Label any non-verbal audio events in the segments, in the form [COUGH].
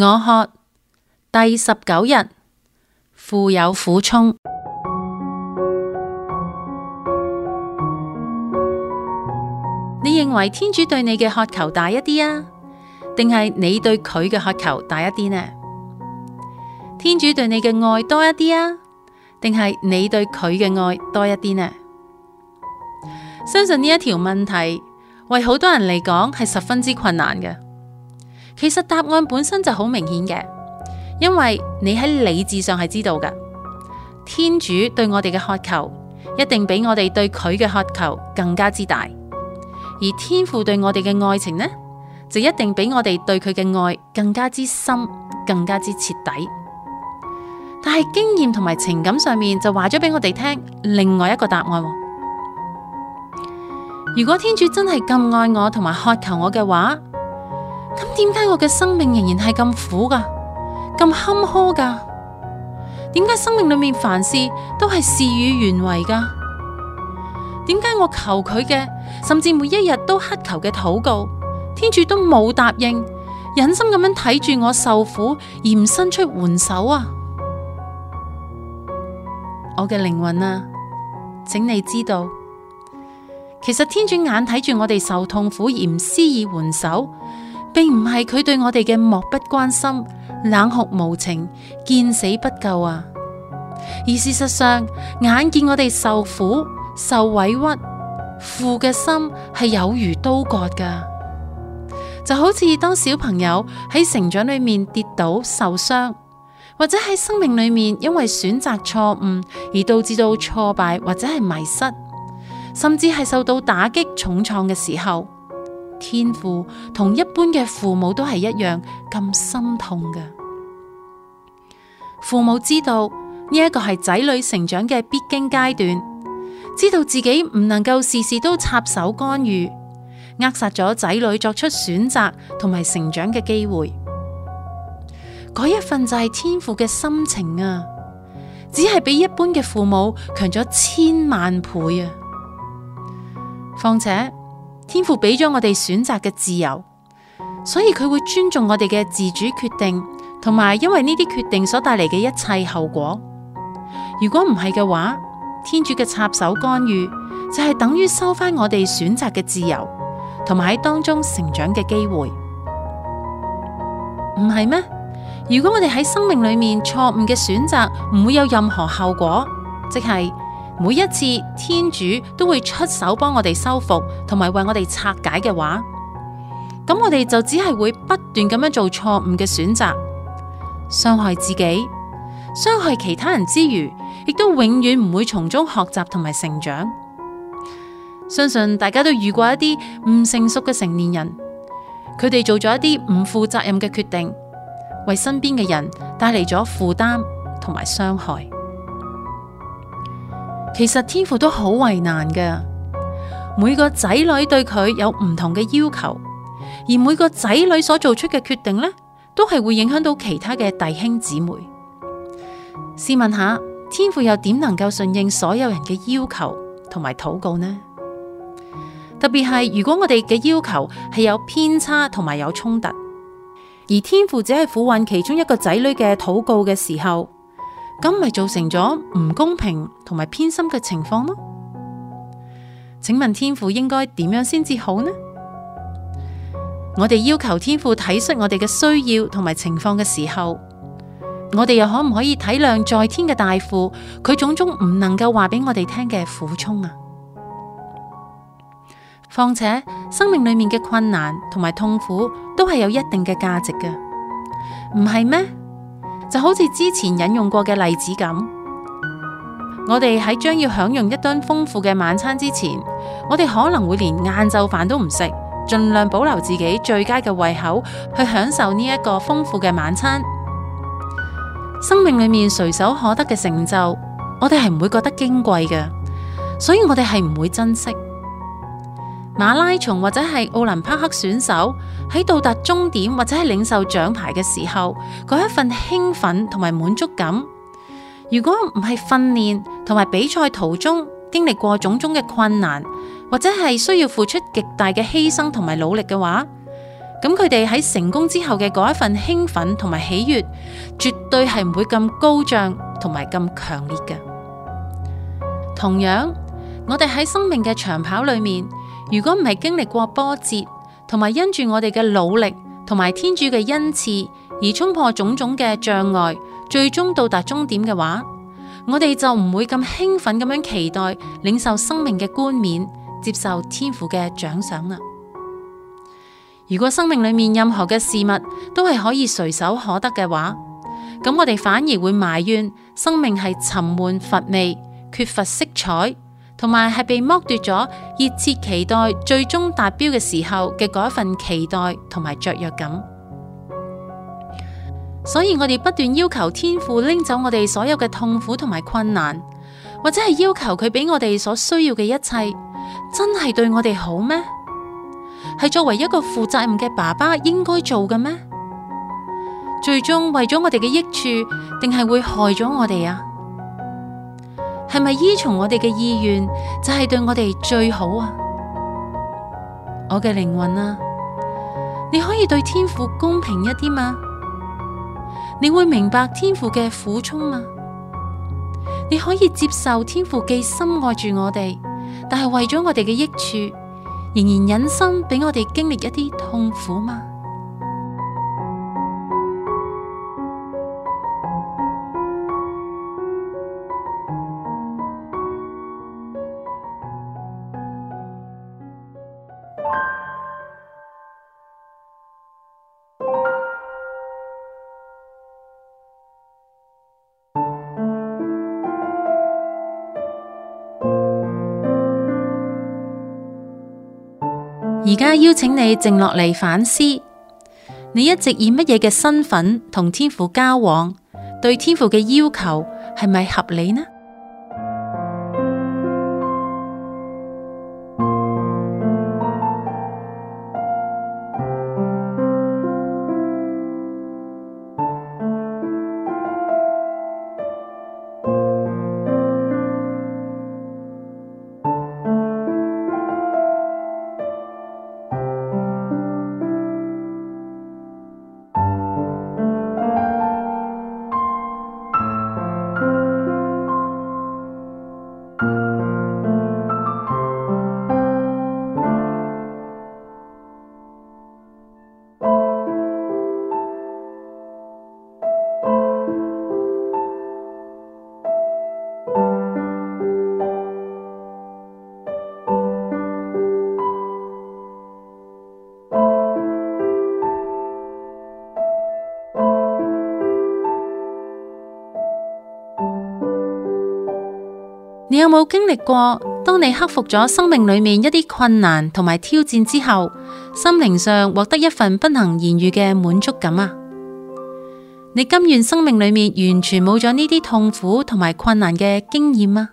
我渴第十九日，父有苦衷。 [MUSIC] 你認為天主對你嘅渴求大一啲啊，定係你對佢嘅渴求大一啲呢？天主對你嘅愛多一啲啊，定係你對佢嘅愛多一啲呢？相信呢一條問題，為好多人嚟講係十分之困難嘅。其實答案本身就好明顯嘅，因為你喺理智上係知道嘅，天主對我哋嘅渴求一定比我哋對佢嘅渴求更加之大，而天父對我哋嘅愛情呢，就一定比我哋對佢嘅愛更加之深，更加之徹底。但係經驗同埋情感上面就話咗俾我哋聽另外一個答案。如果天主真係咁愛我同埋渴求我嘅話。咁點解我嘅生命仍然係咁苦噶，咁坎坷噶？點解生命裏面凡事都係事與願違噶？點解我求佢嘅，甚至每一日都乞求嘅禱告，天主都冇答應，忍心咁樣睇住我受苦而唔伸出援手啊？我嘅靈魂啊，請你知道，其實天主眼睇住我哋受痛苦，而唔施以援手，並唔係佢對我哋嘅漠不關心、冷酷無情、見死不救啊！而事實上，眼見我哋受苦、受委屈，父嘅心係有如刀割噶，就好似當小朋友喺成長裏面跌倒受傷，或者喺生命裏面因為選擇錯誤而導致到挫敗或者係迷失，甚至係受到打擊重創嘅時候。天父同一般嘅父母都係一樣咁心痛嘅，父母知道呢一、這個係仔女成長嘅必經階段，知道自己唔能夠事事都插手干預，扼殺咗仔女作出選擇同埋成長嘅機會。嗰一份就係天父嘅心情啊，只係比一般嘅父母強咗千萬倍啊，況且。天父俾咗我哋選擇嘅自由，所以佢會尊重我哋嘅自主決定，同埋因為呢啲決定所帶嚟嘅一切後果。如果唔係嘅話，天主嘅插手干預就係等於收返我哋選擇嘅自由，同埋喺當中成長嘅機會。唔係咩？如果我哋喺生命裏面錯誤嘅選擇唔會有任何後果，即係。每一次天主都會出手幫我哋修復，同埋為我哋拆解嘅話，咁我哋就只係會不斷咁樣做錯誤嘅選擇，傷害自己、傷害其他人之餘，亦都永遠唔會從中學習同埋成長。相信大家都遇過一啲唔成熟嘅成年人，佢哋做咗一啲唔負責任嘅決定，為身邊嘅人帶嚟咗負擔同埋傷害。其實天父都好為難嘅，每個仔女對佢有唔同嘅要求，而每個仔女所做出嘅決定呢，都係會影響到其他嘅弟兄姊妹。試問下，天父又點能夠順應所有人嘅要求同埋禱告呢？特別係如果我哋嘅要求係有偏差同埋有衝突，而天父只係俯允其中一個仔女嘅禱告嘅時候。咁咪造成咗唔公平同埋偏心嘅情況咯？請問天父應該點樣先至好呢？我哋要求天父體恤我哋嘅需要同埋情況嘅時候，我哋又可唔可以體諒在天嘅大父佢種種唔能夠話俾我哋聽嘅苦衷啊？況且生命裏面嘅困難同埋痛苦都係有一定嘅價值嘅，唔係咩？就好似之前引用過嘅例子咁，我哋喺將要享用一頓豐富嘅晚餐之前，我哋可能會連晏晝飯都唔食，盡量保留自己最佳嘅胃口，去享受呢一個豐富嘅晚餐。生命裏面隨手可得嘅成就，我哋係唔會覺得矜貴嘅，所以我哋係唔會珍惜。馬拉松或者係奧林匹克選手喺到達終點或者係領受獎牌嘅時候，嗰一份興奮同埋滿足感，如果唔係訓練同埋比賽途中經歷過種種嘅困難，或者係需要付出極大嘅犧牲同埋努力嘅話，咁佢哋喺成功之後嘅嗰一份興奮同埋喜悅，絕對係唔會咁高漲同埋咁強烈嘅。同樣，我哋喺生命嘅長跑裏面，如果唔係經歷過波折，同埋因住我哋嘅努力，同埋天主嘅恩賜而衝破種種嘅障礙，最終到達終點嘅話，我哋就唔會咁興奮咁樣期待領受生命嘅冠冕，接受天父嘅獎賞啦。如果生命裏面任何嘅事物都係可以隨手可得嘅話，咁我哋反而會埋怨生命係沉悶乏味，缺乏色彩。同埋係被剝奪咗熱切期待最終達標嘅時候嘅嗰一份期待同埋雀躍感，所以我哋不斷要求天父拎走我哋所有嘅痛苦同埋困難，或者係要求佢俾我哋所需要嘅一切，真係對我哋好咩？係作為一個負責任嘅爸爸應該做嘅咩？最終為咗我哋嘅益處，定係會害咗我哋啊？係咪依從我哋嘅意願就係對我哋最好啊？我嘅靈魂啊，你可以對天父公平一啲嗎？你會明白天父嘅苦衷嗎？你可以接受天父既深愛住我哋，但係為咗我哋嘅益處，仍然忍心俾我哋經歷一啲痛苦嗎？而家邀請你靜落嚟反思，你一直以乜嘢嘅身份同天父交往，對天父嘅要求係咪合理呢？你有冇經歷過，當你克服咗生命裏面一啲困難同埋挑戰之後，心靈上獲得一份不能言喻嘅滿足感啊？你甘願生命裏面完全冇咗呢啲痛苦同埋困難嘅經驗啊？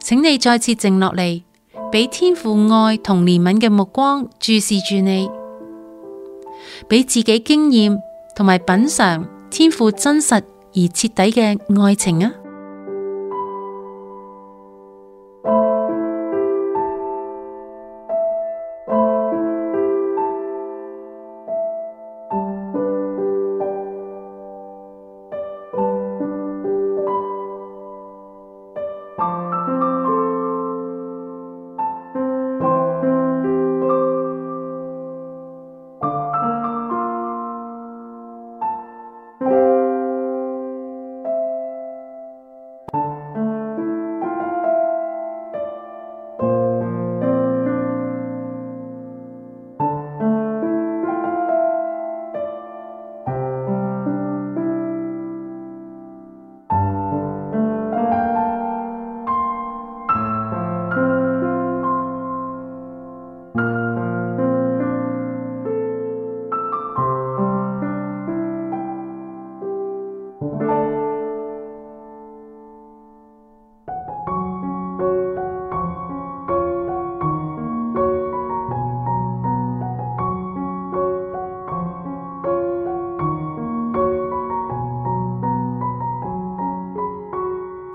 請你再次靜落嚟，俾天父愛同憐憫嘅目光注視住你，俾自己經驗同埋品嘗天父真實而徹底嘅愛情啊！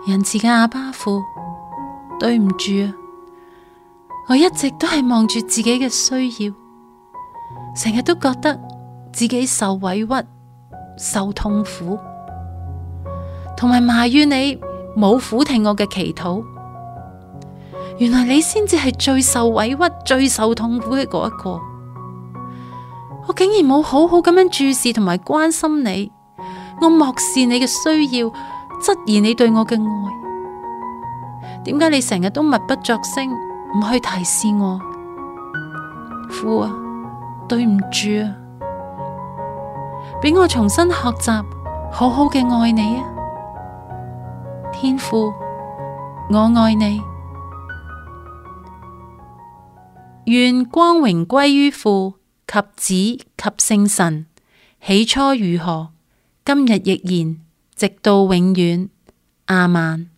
仁慈嘅阿爸父，對唔住啊！我一直都係望住自己嘅需要，成日都覺得自己受委屈、受痛苦，同埋埋怨你冇俯聽我嘅祈禱。原來你先至係最受委屈、最受痛苦嘅嗰一個。我竟然冇好好咁樣注視同埋關心你，我漠視你嘅需要。質疑你對我嘅愛，點解你成日都默不作聲，唔去提示我？父啊，對唔住啊，俾我重新學習，好好嘅愛你啊，天父，我愛你，願光榮歸於父及子及聖神，起初如何，今日亦然。直到永遠，亞孟。